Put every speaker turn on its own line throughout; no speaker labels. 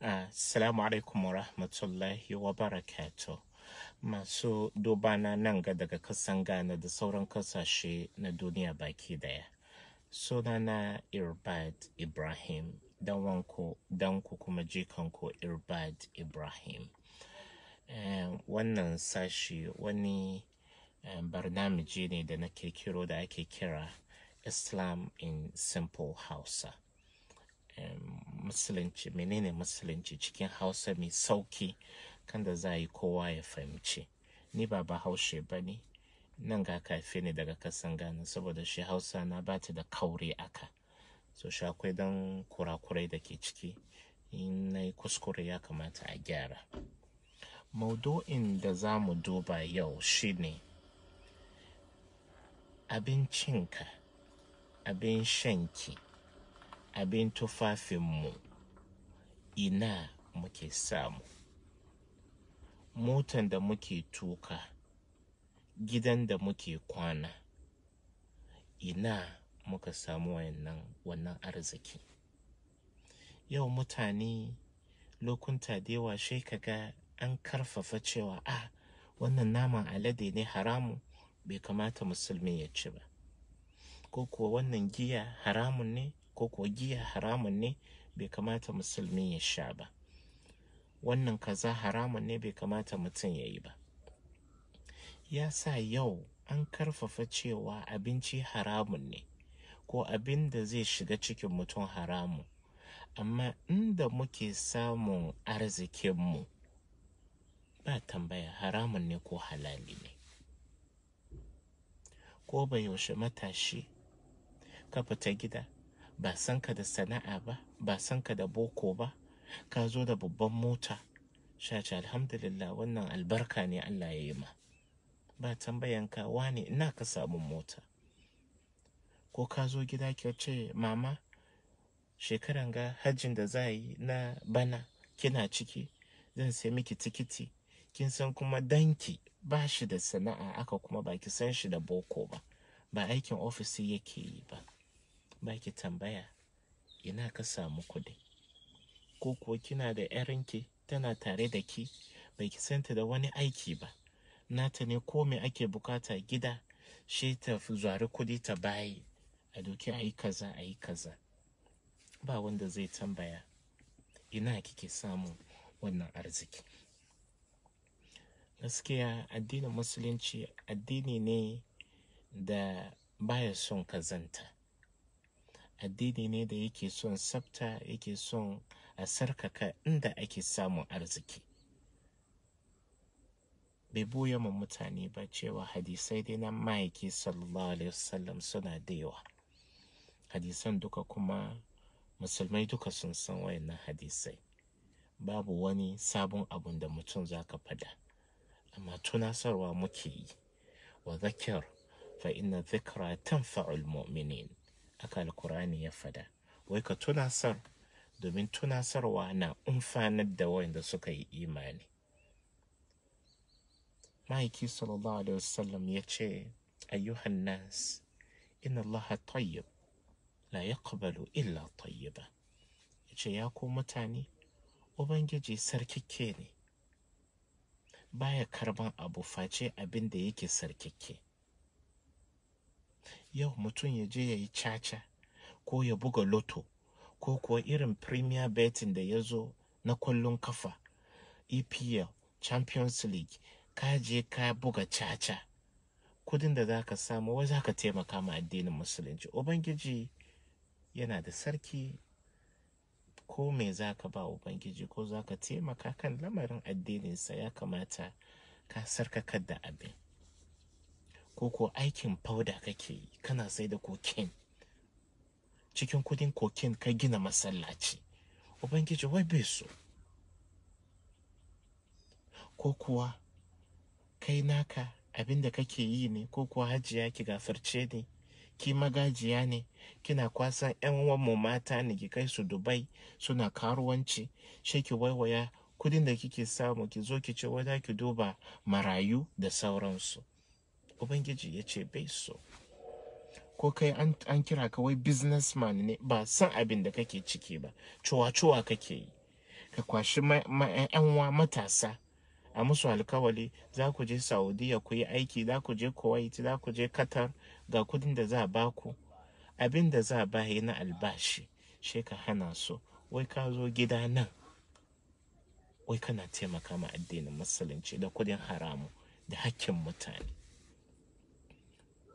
Eh, assalamu alaikum wa rahmatullahi wa barakato. Masu duba na nan ga daga kasan Ghana da sauran kasashe na duniya baki daya. Sunana Irbad Ibrahim, danwanku, danku kuma jikanku Irbad Ibrahim. Eh, wannan sashi wani eh, barnamiji ne da na kirkiro da ake kira Islam in Simple Hausa. musulunci menene musulunci cikin hausa mai sauki kan da za yi kowa ya fahimci ni ba haushe ba ne nan ga kafe ne daga kasan gani saboda shi hausa na ba ta da kauri aka so shi akwai don kurakurai da ke ciki in na yi kuskure ya kamata a gyara maudu'in da za mu duba yau shine abincinka abin shanki abin tufafinmu ina muke samu motan da muke tuka gidan da muke kwana ina muka samu wannan wannan arziki yau mutane lokunta da yawa kaga an karfafa cewa a ah, wannan naman alade ne haramu bai kamata musulmi ya ci ba ko kuwa wannan giya haramun ne ko kuwa giya haramun ne bai kamata musulmi ya sha ba wannan kaza haramun ne bai kamata mutum ya yi ba ya sa yau an karfafa cewa abinci haramun ne ko abin da zai shiga cikin mutum haramun amma inda muke samun arzikinmu ba tambaya haramun ne ko halali ne ko bai yaushe matashi ka fita gida ba san ka da sana'a ba ba san ka da boko ba ka zo da babban mota shace alhamdulillah wannan albarka ne Allah ya yi ma ba tambayan ka wane ina ka samu mota ko ka zo gida ki ce mama shekaran ga hajjin da za yi na bana kina ciki zan sai miki tikiti kin san kuma danki ba shi da sana'a aka kuma ba ki san shi da boko ba ba aikin ofisi yake yi ba baki tambaya ina ka samu kuɗi ko kuwa kina da yarinki tana tare da ki bai ki santa da wani aiki ba nata ne ko me ake bukata gida shi ta zuwari kuɗi ta bayi a doki a kaza ayi kaza ba wanda zai tambaya ina kike samun wannan arziki gaskiya addinin musulunci addini ne da baya son kazanta addini ne da yake son sabta yake son a sarkaka inda ake samun arziki bai buya ma mutane ba cewa hadisai dai na ma'aiki sallallahu alaihi wasallam suna da yawa hadisan duka kuma musulmai duka sun san wayannan hadisai babu wani sabon abun da mutum za ka fada amma tunasarwa muke yi wa zakir fa inna zikra tanfa'ul mu'minin aka Qur'ani ya fada wai ka tunasar domin tunasarwa na umfanar da wayanda suka yi imani Maiki sallallahu alaihi wasallam ya ce ayyuhan nas inna Allah tayyib la yaqbalu illa tayyiba ya ce ya ku mutane ubangiji sarkike ne baya karban abu face abin da yake sarkike yau mutum ya je ya yi caca ko ya buga loto ko kuwa irin premier betting da ya zo na kwallon kafa epl champions league ka je ka buga caca kudin da za ka samu wai za ka taimaka ma addinin musulunci ubangiji yana da sarki ko me za ka ba ubangiji ko za ka taimaka kan lamarin addininsa ya kamata ka sarkakar da abin ko ko aikin fauda kake yi kana sai da kokin cikin kudin kokin ka gina masallaci ubangiji wai bai so ko kuwa kai naka abinda da kake yi ne ko kuwa hajiya ki gafarce ne ki magajiya ne kina kwasan yan mu mata ne ki kai su dubai suna karuwanci shi ki waiwaya kudin da kike samu ki zo ki ce wada ki duba marayu da sauransu ubangiji ya ce bai so ko kai an kira ka wai businessman ne ba san abin da kake ciki ba cuwa-cuwa kake yi ka kwashi wa matasa a musu alkawali za ku je saudiya ku yi aiki za ku je kuwait za ku je qatar ga kudin da za ba ku abin da za ba na albashi she ka hana su wai ka zo gida nan wai kana taimaka ma addinin musulunci da kudin haramu da hakkin mutane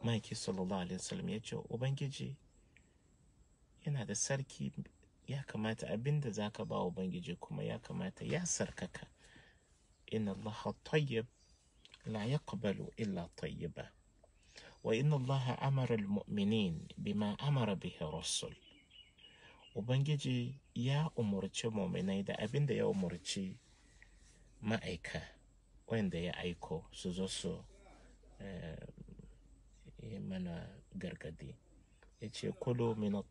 مايكي صلى الله عليه وسلم يجو وبنجي ينا ده سركي يا كمات أبن ده ذاك باو بنجي كما يا كمات يا سركك إن الله طيب لا يقبل إلا طيبة وإن الله أمر المؤمنين بما أمر به الرسل وبنجي يا أمورتي مؤمنين ده أبن ده يا أمورتي ما أيكا وين ده يا أيكو سوزوسو أه Eh, mana gargadi ya ce kulo mina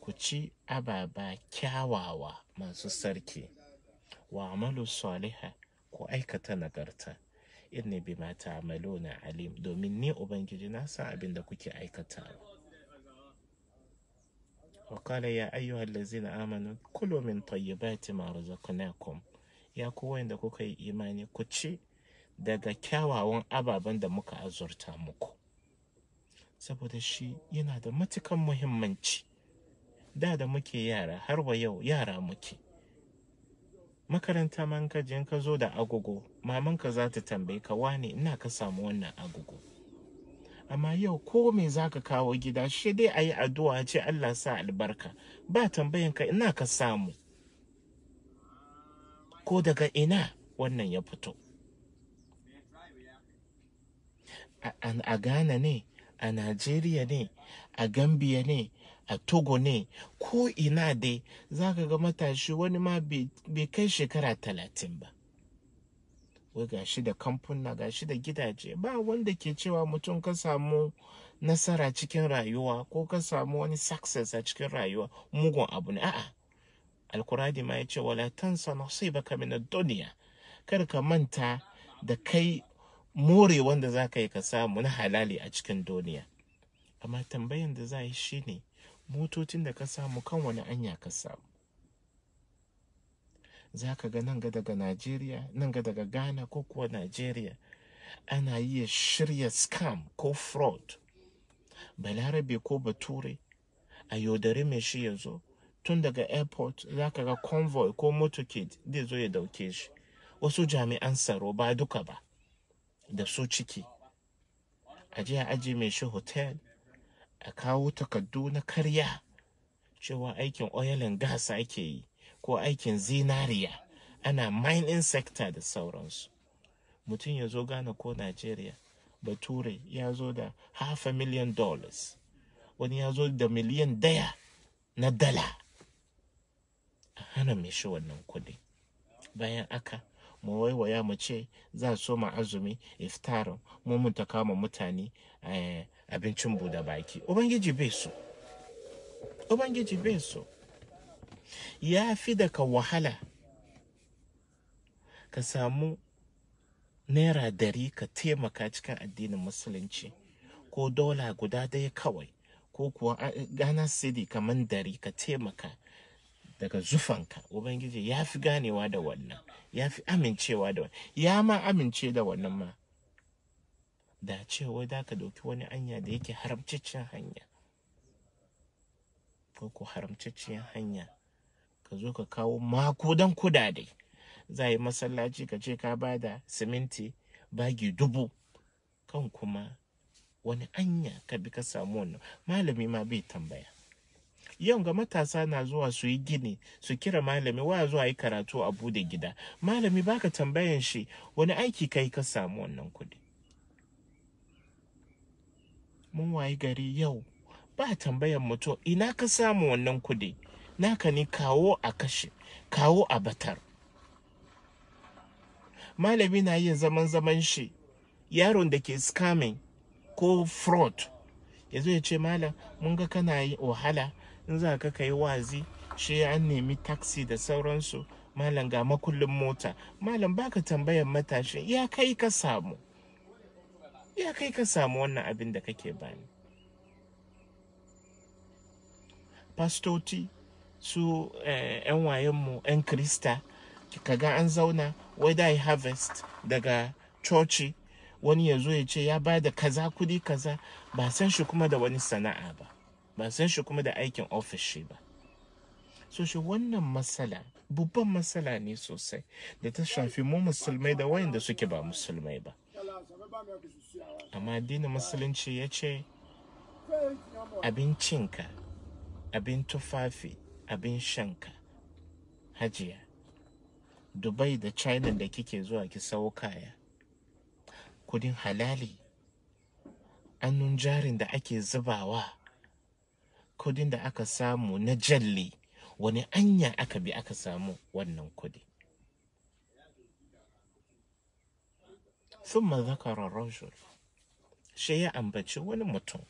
ku ci ababa kyawawa masu sarki wa amalu saliha ku aikata nagarta inni amalu na alim domin ni ubangiji na san abin da kuke aikata aikatawa وقال يا أيها الذين آمنوا كلوا من طيبات ya رزقناكم يا kuka yi imani ku ci. daga kyawawan ababen da muka azurta muku saboda shi yana da matukan muhimmanci da da muke yara har wa yau yara muke makaranta man ka ka zo da agogo mamanka za ta tambaye ka wane ina ka samu wannan agogo amma yau ko me za ka kawo gida shi dai a yi addu'a ce Allah sa albarka ba tambayan ka ina ka samu ko daga ina wannan ya fito a ghana ne a nigeria ne a gambia ne a togo ne ko ina dai za ka ga matashi wani ma bai kai shekara talatin ba wai ga shi da kamfuna shi da gidaje ba wanda ke cewa mutum ka samu nasara cikin rayuwa ko ka samu wani success a cikin rayuwa mugun abu ne a'a alkuradi ma ya ce wala tansa nasibaka min ad-dunya kar ka manta da kai more wanda za ka yi ka samu na halali a cikin duniya amma tambayan da za yi shi ne motocin da ka samu kan wani anya ka samu za ka ga nan ga daga najeriya nan ga daga ghana ko kuwa najeriya ana iya shirya scam ko fraud balarabe ko bature a yaudare mai shi ya zo tun daga airport za ka ga convoy ko motocade zai zo ya dauke shi wasu jami'an tsaro ba duka ba da su ciki a je a aje mai shi hotel a kawo takardu na karya cewa aikin oil and gas ake yi ko aikin zinariya ana mining sector da sauransu mutum ya zo gane ko nigeria bature ya zo da half a million dollars wani ya zo da miliyan daya na dala a hana mai shi wannan kudi bayan aka mu waiwaya mu ce za so ma azumi iftarin mu mun ta kama mutane eh, abincin buda baki ubangiji bai so ubangiji bai so ya fi daga wahala ka samu naira dari ka taimaka cikin addinin musulunci ko dola guda daya kawai ko kuwa eh, ghana city kamar dari ka taimaka daga zufanka ubangiji ya fi ganewa da wannan ya fi amincewa da wannan ya ma amince da wannan ma da cewa da ka dauki wani anya da yake haramcaccen hanya ko ko haramcacciyar hanya ka zo ka kawo makudan kudade za yi masallaci ka ce ka ba da siminti bagi dubu kan kuma wani anya ka bi ka samu wannan malami ma bai tambaya yau ga matasa na zuwa su yi gini su kira malami wa zuwa yi karatu a bude gida malami baka tambayan shi wani aiki kai ka samu wannan kuɗi mun wayi gari yau ba tambayan mutum ina ka samu wannan kuɗi naka ne kawo a kashe kawo a batar malami na yin zaman zaman shi yaron da ke scamming ko fraud ya ya ce malam mun ga kana yi wahala in za ka kai wazi shi an nemi taxi da sauransu malam ga makullin mota malam baka tambayan matashi ya kai ka samu ya kai ka samu wannan abin da kake bani fastoti su yan eh, wayenmu yan krista ga an zauna whether i harvest daga coci wani ya zo ya ce ya ba da kaza kudi kaza ba san shi kuma da wani sana'a ba ban san shi kuma da aikin ofis shi ba so shi wannan matsala babban matsala ne sosai da ta shafi mu musulmai da wayanda suke ba musulmai ba amma dina musulunci ya ce abincinka abin tufafi abin shanka hajiya dubai da china da kike zuwa ki sau kaya kudin halali annun jarin da ake zubawa kudin da aka samu na jalli wani anya aka bi aka samu wannan kudi thumma zakara rajul shi ya ambaci wani mutum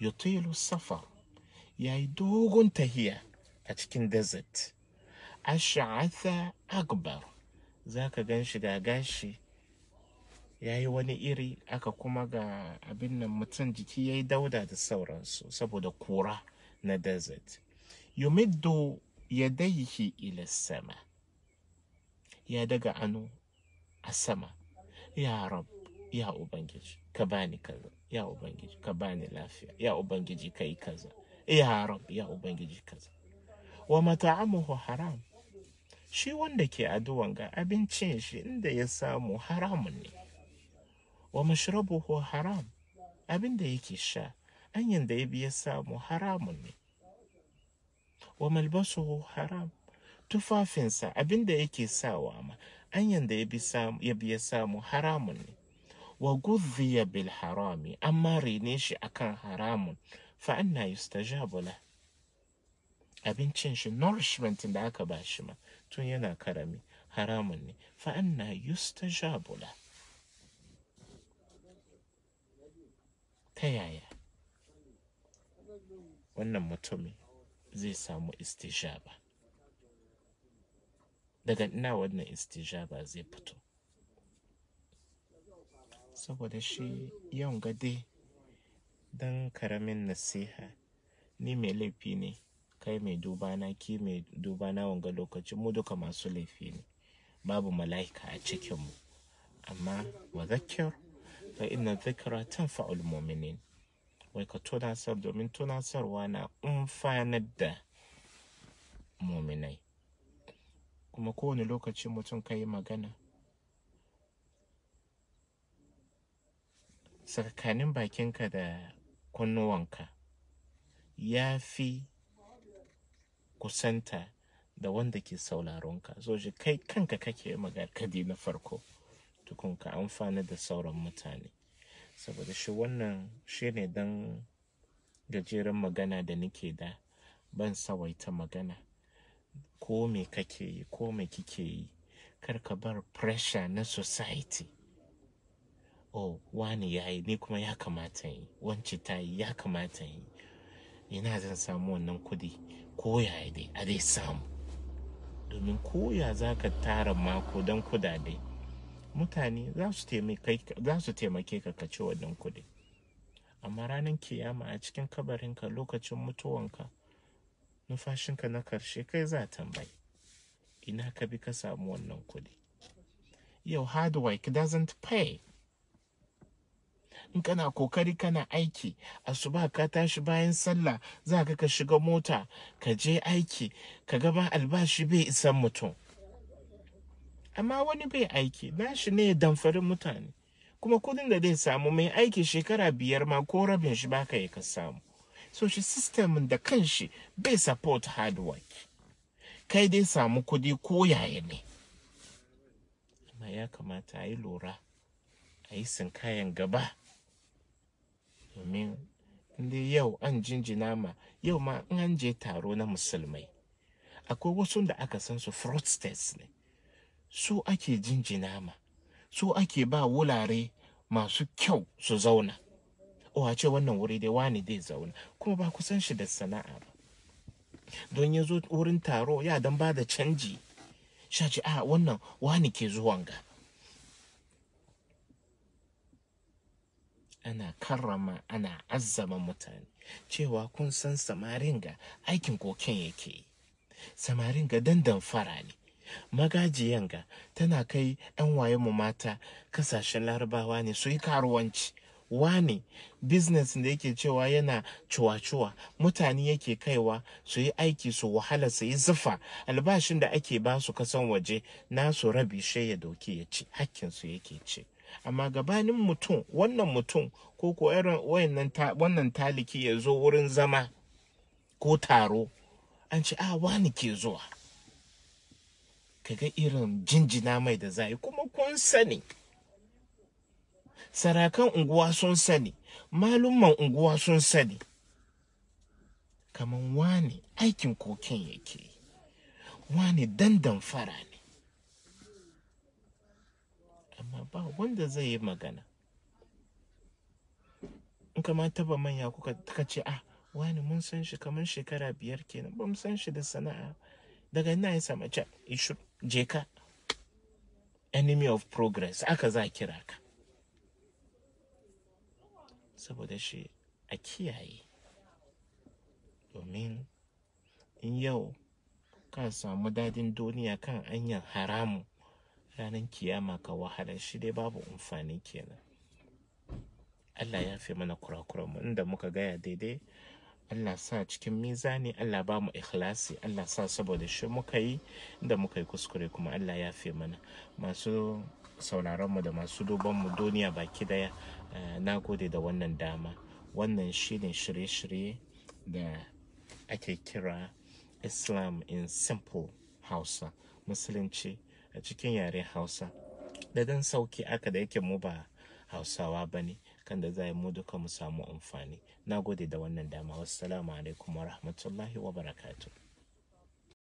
yutilu safar ya yi dogon tahiya a cikin desert ash'atha akbar za ka gan shi ga gashi ya yi wani iri aka kuma ga abin nan mutum jiki ya yi dauda da sauransu saboda kura na desert yumiddu yadayhi ila sama ya daga anu a sama ya rab ya ubangiji ka bani kaza ya ubangiji ka bani lafiya ya ubangiji ka yi kaza ya rab ya ubangiji kaza wa mata'amuhu haram shi wanda ke addu'an ga abincin shi inda ya samu haramun ne wa mashrabuhu haram abin da yake sha hanyar da ya biya samu haramun ne wa malbasuhu haram tufafinsa abin da yake sawa ma hanyar da ya biya samu haramun ne wa gudhiya bil harami amma rene shi akan haramun fa anna yustajabu la abincin shi nourishment da aka ba shi ma tun yana karami haramun ne fa anna yustajabu la ta yaya wannan mutumin zai samu istijaba daga ina wannan istijaba zai fito saboda shi yau gade don karamin nasiha ni mai laifi ne kai mai dubana ki mai dubana wanga lokacin mu duka masu laifi ne babu mala'ika a cikinmu amma wa fa inna dhikra tanfa'ul mu'minin wai ka tunasar domin tunasarwa na umfanar da muminai kuma kowane lokaci mutum ka yi magana tsakanin bakinka da kunnuwanka ya fi kusanta da wanda ke sauraronka so shi kai kanka kake magana kadi na farko tukun ka amfana da sauran mutane saboda shi wannan shi ne don gajeren magana da nake da ban sawaita magana ko me kake yi ko me kike yi kar ka bar pressure na society oh wani ya yi ni kuma ya kamata yi wance ta yi ya kamata yi ina zan samu wannan kudi ko ya yi dai a dai samu domin koya za ka tara mako don kudade mutane za su taimake ka ka ci wannan kuɗi amma ranar kiyama a cikin kabarinka lokacin mutuwanka numfashinka na karshe kai za tambayi ina ka bi ka samu wannan kuɗi yau hard work doesn't pay in kana kokari kana aiki asuba ka tashi bayan sallah za ka ka shiga mota ka je aiki ka gaba albashi bai isan mutum amma wani bai aiki nashi ne ya mutane kuma kudin da zai samu mai aiki shekara biyar ma ko rabin shi baka ya ka samu so shi system da kanshi bai support hard work kai dai samu kudi ko yaya ne amma ya kamata a yi lura a yi sinkayen gaba domin dai yau an jinjina ma yau ma an je taro na musulmai akwai wasu da aka san su fraudsters ne su ake jinjina ma su ake ba wulare masu kyau su zauna o oh, a ce wannan wuri dai wani dai zauna kuma ba kusan shi da sana'a ba don ya zo wurin taro ya dan ba da canji sha ce a ah, wannan wani ke zuwan ga ana karrama ana azzama mutane cewa kun san samarin ga aikin koken yake yi samarin ga dandan fara ne magajiyan ga tana kai 'yan waye mu mata kasashen larabawa ne su yi karuwanci wane business da yake cewa yana cuwa-cuwa mutane yake kaiwa su yi aiki su wahala su yi zufa albashin da ake ba su kasan waje nasu rabi shi ya doki ya ci hakkinsu yake ce amma gabanin mutum wannan mutum ko ko irin wannan taliki ya zo wurin zama ko taro an ce a wani ke zuwa Ka ga irin jinjina mai da za kuma kun sani sarakan unguwa sun sani malumman unguwa sun sani kamar wani aikin koken yake wani dandan fara ne amma ba wanda zai yi magana in kama taba manya kuka ce a ah, wani mun san shi kamar shekara biyar kenan ba mu san shi da sana'a daga ina ya samu can ishu je ka enemy of progress aka za kira ka saboda shi a kiyaye domin in yau kan samu dadin duniya kan anyan haramu ranar kiyama ka wahala shi dai babu amfani kenan Allah ya fi mana kurakuranmu inda muka gaya daidai Allah sa cikin mizani Allah ba mu ikhlasi Allah sa saboda shi muka yi da muka yi kuskure kuma Allah ya fi mana masu sauraronmu da masu dubanmu duniya baki daya eh, na gode da wannan dama wannan shi ne shirye-shirye da ake kira islam in simple hausa musulunci a cikin yaren hausa da dan sauki aka da yake mu ba hausawa ba ne kan da za mu duka mu samu amfani na gode da wannan dama wassalamu alaikum wa rahmatullahi wa barakatuh